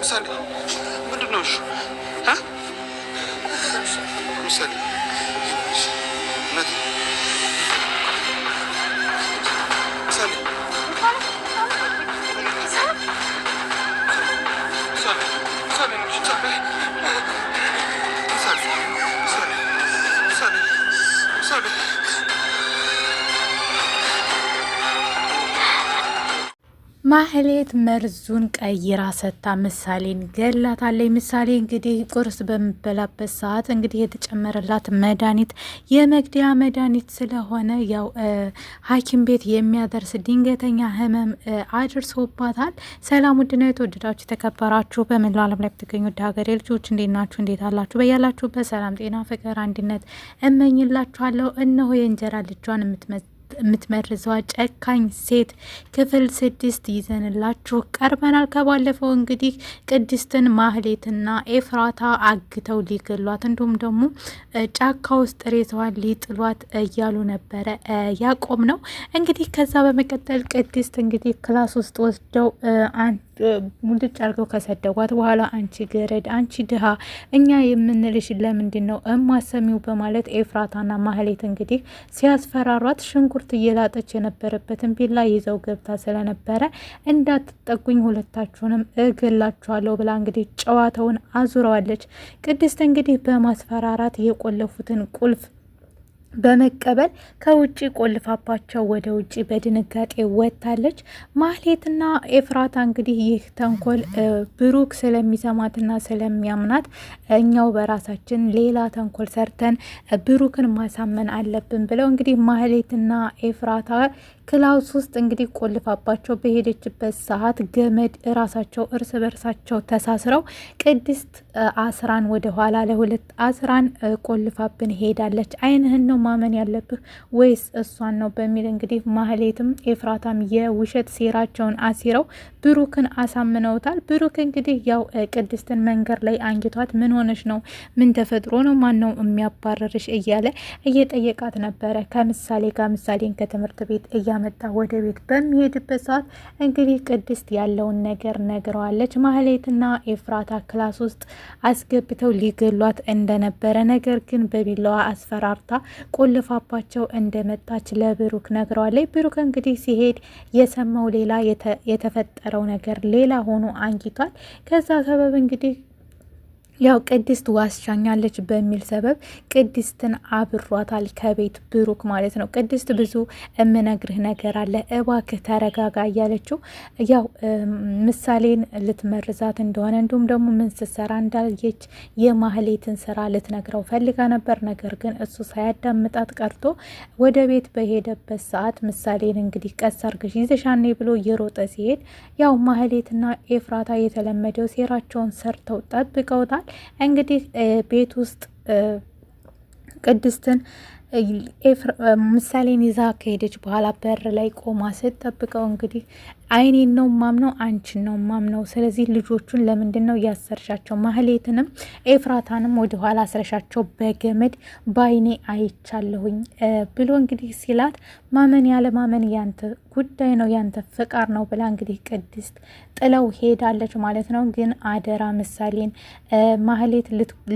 ምሳሌ ምንድን ነው? እሺ ምሳሌ እውነት ማህሌት መርዙን ቀይራ ሰታ ምሳሌን ገላታለች። ምሳሌ እንግዲህ ቁርስ በምበላበት ሰዓት እንግዲህ የተጨመረላት መድኃኒት የመግዲያ መድኃኒት ስለሆነ ያው ሐኪም ቤት የሚያደርስ ድንገተኛ ህመም አድርሶባታል። ሰላም ውድና የተወደዳችሁ የተከበራችሁ በመላው ዓለም ላይ ብትገኙ ወደ ሀገሬ ልጆች እንዴት ናችሁ? እንዴት አላችሁ? በያላችሁ በሰላም ጤና፣ ፍቅር፣ አንድነት እመኝላችኋለሁ። እነሆ የእንጀራ ልጇን የምትመ የምትመርዘዋ ጨካኝ ሴት ክፍል ስድስት ይዘንላችሁ ቀርበናል። ከባለፈው እንግዲህ ቅድስትን ማህሌትና ኤፍራታ አግተው ሊገሏት እንዲሁም ደግሞ ጫካ ውስጥ ሬሳዋን ሊጥሏት እያሉ ነበረ ያቆም ነው። እንግዲህ ከዛ በመቀጠል ቅድስት እንግዲህ ክላስ ውስጥ ወስደው አን ሙልጭ አድርገው ከሰደጓት በኋላ አንቺ ገረድ፣ አንቺ ድሃ፣ እኛ የምንልሽ ለምንድን ነው እማሰሚው በማለት ኤፍራታና ማህሌት እንግዲህ ሲያስፈራሯት ሽንኩርት እየላጠች የነበረበትን ቢላ ይዘው ገብታ ስለነበረ እንዳትጠጉኝ ሁለታችሁንም እገላችኋለሁ ብላ እንግዲህ ጨዋታውን አዙረዋለች። ቅድስት እንግዲህ በማስፈራራት የቆለፉትን ቁልፍ በመቀበል ከውጭ ቆልፋባቸው ወደ ውጭ በድንጋጤ ወጥታለች። ማህሌትና ኤፍራታ እንግዲህ ይህ ተንኮል ብሩክ ስለሚሰማትና ስለሚያምናት እኛው በራሳችን ሌላ ተንኮል ሰርተን ብሩክን ማሳመን አለብን ብለው እንግዲህ ማህሌትና ኤፍራታ ክላውስ ውስጥ እንግዲህ ቆልፋባቸው በሄደችበት ሰዓት ገመድ እራሳቸው እርስ በርሳቸው ተሳስረው ቅድስት አስራን ወደኋላ ለሁለት አስራን ቆልፋብን ሄዳለች። አይንህን ነው ማመን ያለብህ ወይስ እሷን ነው በሚል እንግዲህ ማህሌትም ኤፍራታም የውሸት ሴራቸውን አሲረው ብሩክን አሳምነውታል። ብሩክ እንግዲህ ያው ቅድስትን መንገድ ላይ አንግቷት ምን ሆነች ነው? ምን ተፈጥሮ ነው? ማን ነው የሚያባረርሽ? እያለ እየጠየቃት ነበረ ከምሳሌ ጋር ምሳሌን ከትምህርት ቤት እያ እያመጣ ወደ ቤት በሚሄድበት ሰዓት እንግዲህ ቅድስት ያለውን ነገር ነግረዋለች። ማህሌትና ኤፍራታ ክላስ ውስጥ አስገብተው ሊገሏት እንደነበረ ነገር ግን በቢላዋ አስፈራርታ ቆልፋባቸው እንደመጣች ለብሩክ ነግረዋለች። ብሩክ እንግዲህ ሲሄድ የሰማው ሌላ የተፈጠረው ነገር ሌላ ሆኖ አንጊቷል። ከዛ ሰበብ እንግዲህ ያው ቅድስት ዋስቻኛለች በሚል ሰበብ ቅድስትን አብሯታል ከቤት ብሩክ ማለት ነው። ቅድስት ብዙ የምነግርህ ነገር አለ እባክህ ተረጋጋ እያለችው ያው ምሳሌን ልትመርዛት እንደሆነ እንዲሁም ደግሞ ምን ስትሰራ እንዳየች የማህሌትን ስራ ልትነግረው ፈልጋ ነበር። ነገር ግን እሱ ሳያዳምጣት ቀርቶ ወደ ቤት በሄደበት ሰዓት ምሳሌን እንግዲህ ቀስ አርገሽ ይዘሻኔ ብሎ እየሮጠ ሲሄድ ያው ማህሌትና ኤፍራታ የተለመደው ሴራቸውን ሰርተው ጠብቀውታል። ይሆናል። እንግዲህ ቤት ውስጥ ቅድስትን ምሳሌን ይዛ ከሄደች በኋላ በር ላይ ቆማ ስትጠብቀው እንግዲህ አይኔን ነው ማምነው፣ አንቺን ነው ማምነው። ስለዚህ ልጆቹን ለምንድን ነው ያሰርሻቸው? ማህሌትንም ኤፍራታንም ወደ ኋላ አስረሻቸው በገመድ በአይኔ አይቻለሁኝ ብሎ እንግዲህ ሲላት ማመን ያለ ማመን ያንተ ጉዳይ ነው ያንተ ፍቃድ ነው ብላ እንግዲህ ቅድስት ጥለው ሄዳለች ማለት ነው። ግን አደራ ምሳሌን ማህሌት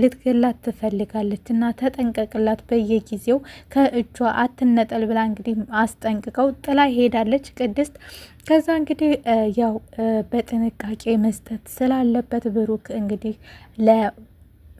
ልትገላት ትፈልጋለች እና ተጠንቀቅላት፣ በየጊዜው ከእጇ አትነጠል ብላ እንግዲህ አስጠንቅቀው ጥላ ሄዳለች ቅድስት ከዛ እንግዲህ ያው በጥንቃቄ መስጠት ስላለበት ብሩክ እንግዲህ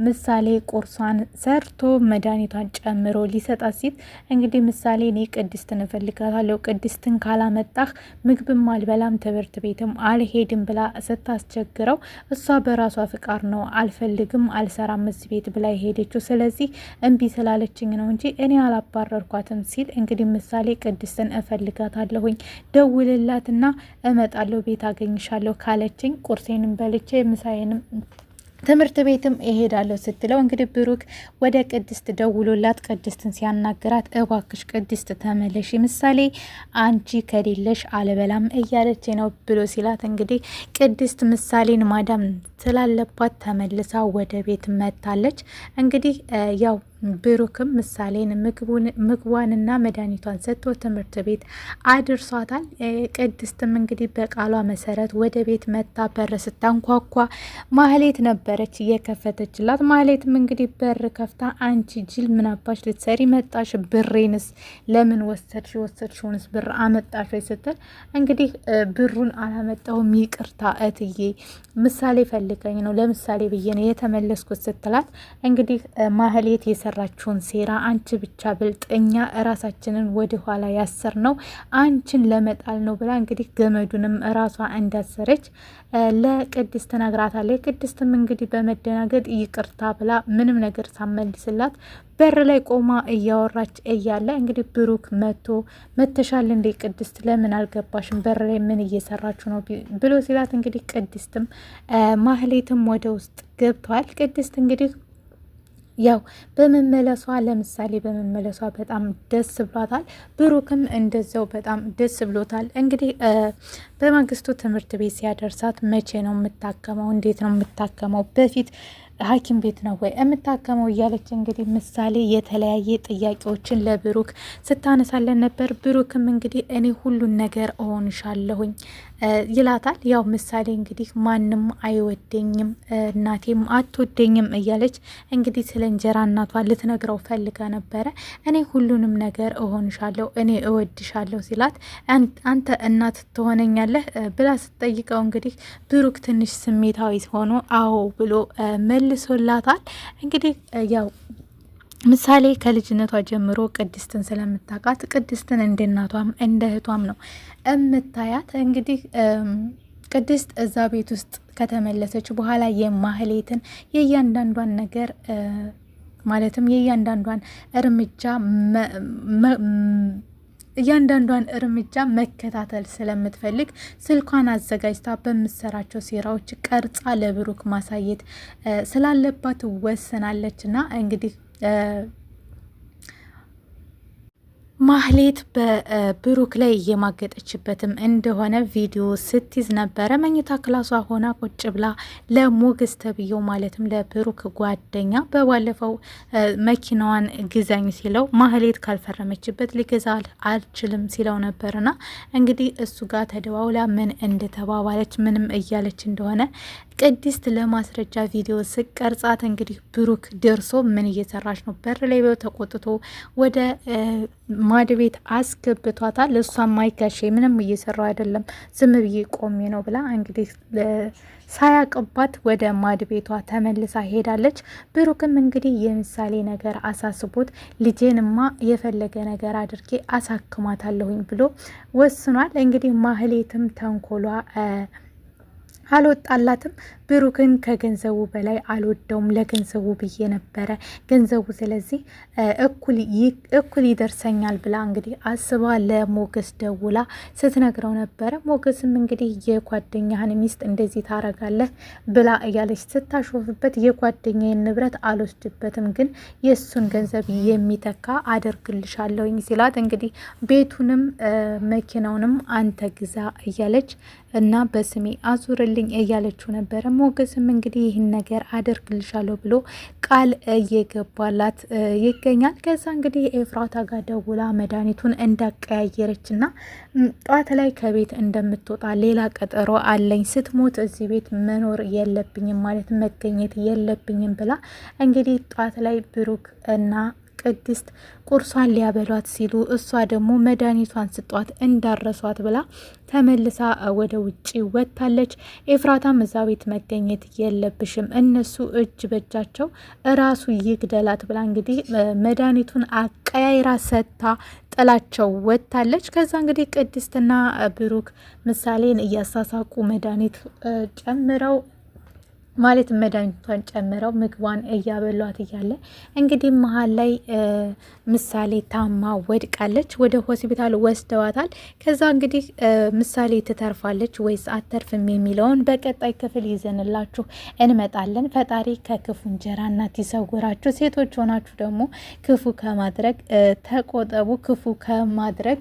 ምሳሌ ቁርሷን ሰርቶ መድኃኒቷን ጨምሮ ሊሰጣት ሲት እንግዲህ ምሳሌ እኔ ቅድስትን እፈልጋታለሁ፣ ቅድስትን ካላመጣህ ምግብም አልበላም ትምህርት ቤትም አልሄድም ብላ ስታስቸግረው እሷ በራሷ ፍቃድ ነው አልፈልግም፣ አልሰራም እዚህ ቤት ብላ የሄደችው ስለዚህ እምቢ ስላለችኝ ነው እንጂ እኔ አላባረርኳትም ሲል እንግዲህ ምሳሌ ቅድስትን እፈልጋታለሁኝ ደውልላትና እመጣለሁ ቤት አገኝሻለሁ ካለችኝ ቁርሴንም በልቼ ምሳዬንም ትምህርት ቤትም እሄዳለሁ ስትለው እንግዲህ ብሩክ ወደ ቅድስት ደውሎላት ቅድስትን ሲያናግራት እባክሽ ቅድስት ተመለሽ፣ ምሳሌ አንቺ ከሌለሽ አልበላም እያለች ነው ብሎ ሲላት እንግዲህ ቅድስት ምሳሌን ማዳም ስላለባት ተመልሳ ወደ ቤት መታለች። እንግዲህ ያው ብሩክም ምሳሌን ምግቧንና መድኃኒቷን ሰጥቶ ትምህርት ቤት አድርሷታል። ቅድስትም እንግዲህ በቃሏ መሰረት ወደ ቤት መታ በር ስታንኳኳ ማህሌት ነበረች እየከፈተችላት። ማህሌትም እንግዲህ በር ከፍታ አንቺ ጅል ምናባሽ ልትሰሪ መጣሽ? ብሬንስ ለምን ወሰድሽ? የወሰድሽውንስ ብር አመጣሽ ወይ ስትል እንግዲህ ብሩን አላመጣሁም ይቅርታ እትዬ ምሳሌ ፈልገኝ ነው ለምሳሌ ብዬ ነው የተመለስኩት ስትላት እንግዲህ ማህሌት የሰ የሰራችውን ሴራ አንቺ ብቻ ብልጥ፣ እኛ እራሳችንን ኋላ ያሰር ነው አንቺን ለመጣል ነው ብላ እንግዲህ ገመዱንም እራሷ እንዳሰረች ለቅድስት ነግራታለች። ቅድስትም እንግዲህ በመደናገጥ ይቅርታ ብላ ምንም ነገር ሳመልስላት በር ላይ ቆማ እያወራች እያለ እንግዲህ ብሩክ መቶ መተሻል እንዴ ቅድስት ለምን አልገባሽም? በር ላይ ምን እየሰራችሁ ነው ብሎ ሲላት እንግዲህ ቅድስትም ማህሌትም ወደ ውስጥ ገብተዋል። ቅድስት እንግዲህ ያው በመመለሷ ለምሳሌ በመመለሷ በጣም ደስ ብሏታል። ብሩክም እንደዛው በጣም ደስ ብሎታል። እንግዲህ በማግስቱ ትምህርት ቤት ሲያደርሳት መቼ ነው የምታከመው? እንዴት ነው የምታከመው? በፊት ሐኪም ቤት ነው ወይ የምታከመው እያለች እንግዲህ ምሳሌ የተለያየ ጥያቄዎችን ለብሩክ ስታነሳለን ነበር። ብሩክም እንግዲህ እኔ ሁሉን ነገር እሆንሻለሁኝ ይላታል። ያው ምሳሌ እንግዲህ ማንም አይወደኝም፣ እናቴም አትወደኝም እያለች እንግዲህ ስለ እንጀራ እናቷ ልትነግረው ፈልጋ ነበረ። እኔ ሁሉንም ነገር እሆንሻለሁ፣ እኔ እወድሻለሁ ሲላት አንተ እናት ትሆነኛለህ ብላ ስትጠይቀው እንግዲህ ብሩክ ትንሽ ስሜታዊ ሆኖ አዎ ብሎ መል መልሶላታል። እንግዲህ ያው ምሳሌ ከልጅነቷ ጀምሮ ቅድስትን ስለምታውቃት ቅድስትን እንደ እናቷም እንደ እህቷም ነው እምታያት። እንግዲህ ቅድስት እዛ ቤት ውስጥ ከተመለሰች በኋላ የማህሌትን የእያንዳንዷን ነገር ማለትም የእያንዳንዷን እርምጃ እያንዳንዷን እርምጃ መከታተል ስለምትፈልግ ስልኳን አዘጋጅታ በምትሰራቸው ሴራዎች ቀርጻ ለብሩክ ማሳየት ስላለባት ወስናለች እና እንግዲህ ማህሌት በብሩክ ላይ እየማገጠችበትም እንደሆነ ቪዲዮ ስትይዝ ነበረ። መኝታ ክላሷ ሆና ቁጭ ብላ ለሞገስ ተብዬው ማለትም ለብሩክ ጓደኛ በባለፈው መኪናዋን ግዛኝ ሲለው ማህሌት ካልፈረመችበት ሊገዛ አልችልም ሲለው ነበርና እንግዲህ እሱ ጋር ተደዋውላ ምን እንደተባባለች ምንም እያለች እንደሆነ ቅድስት ለማስረጃ ቪዲዮ ስቀርጻት እንግዲህ ብሩክ ደርሶ ምን እየሰራች ነው? በር ላይ ተቆጥቶ ወደ ማድ ቤት አስገብቷታል። እሷም ማይጋሼ ምንም እየሰራው አይደለም ዝም ብዬ ቆሜ ነው ብላ እንግዲህ ሳያቅባት ወደ ማድ ቤቷ ተመልሳ ሄዳለች። ብሩክም እንግዲህ የምሳሌ ነገር አሳስቦት ልጄንማ የፈለገ ነገር አድርጌ አሳክማታለሁኝ ብሎ ወስኗል። እንግዲህ ማህሌትም ተንኮሏ አልወጣላትም። ብሩክን ከገንዘቡ በላይ አልወደውም። ለገንዘቡ ብዬ ነበረ ገንዘቡ ስለዚህ እኩል ይደርሰኛል ብላ እንግዲህ አስባ ለሞገስ ደውላ ስትነግረው ነበረ። ሞገስም እንግዲህ የጓደኛህን ሚስት እንደዚህ ታረጋለህ ብላ እያለች ስታሾፍበት የጓደኛዬን ንብረት አልወስድበትም፣ ግን የእሱን ገንዘብ የሚተካ አደርግልሻለሁኝ ሲላት እንግዲህ ቤቱንም መኪናውንም አንተ ግዛ እያለች እና በስሜ አዙርልኝ እያለችው ነበረ። ሞገስም እንግዲህ ይህን ነገር አደርግልሻለሁ ብሎ ቃል እየገባላት ይገኛል። ከዛ እንግዲህ ኤፍራታ ጋር ደውላ መድኃኒቱን እንዳቀያየረች እና ጠዋት ላይ ከቤት እንደምትወጣ ሌላ ቀጠሮ አለኝ፣ ስትሞት እዚህ ቤት መኖር የለብኝም ማለት መገኘት የለብኝም ብላ እንግዲህ ጠዋት ላይ ብሩክ እና ቅድስት ቁርሷን ሊያበሏት ሲሉ እሷ ደግሞ መድኃኒቷን ስጧት እንዳረሷት ብላ ተመልሳ ወደ ውጭ ወጥታለች። ኤፍራታም እዛ ቤት መገኘት የለብሽም እነሱ እጅ በእጃቸው እራሱ ይግደላት ብላ እንግዲህ መድኃኒቱን አቀያይራ ሰጥታ ጥላቸው ወጥታለች። ከዛ እንግዲህ ቅድስትና ብሩክ ምሳሌን እያሳሳቁ መድኃኒት ጨምረው ማለት መድኃኒቷን ጨምረው ምግቧን እያበሏት እያለ እንግዲህ መሀል ላይ ምሳሌ ታማ ወድቃለች። ወደ ሆስፒታል ወስደዋታል። ከዛ እንግዲህ ምሳሌ ትተርፋለች ወይስ አተርፍም የሚለውን በቀጣይ ክፍል ይዘንላችሁ እንመጣለን። ፈጣሪ ከክፉ እንጀራ እናት ይሰውራችሁ። ሴቶች ሆናችሁ ደግሞ ክፉ ከማድረግ ተቆጠቡ። ክፉ ከማድረግ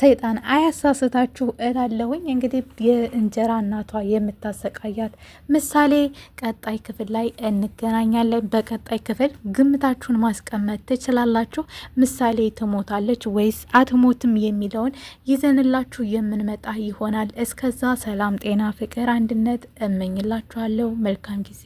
ሰይጣን አያሳስታችሁ እላለሁኝ። እንግዲህ የእንጀራ እናቷ የምታሰቃያት ምሳሌ ቀጣይ ክፍል ላይ እንገናኛለን። በቀጣይ ክፍል ግምታችሁን ማስቀመጥ ትችላላችሁ። ምሳሌ ትሞታለች ወይስ አትሞትም የሚለውን ይዘንላችሁ የምንመጣ ይሆናል። እስከዛ ሰላም፣ ጤና፣ ፍቅር፣ አንድነት እመኝላችኋለሁ። መልካም ጊዜ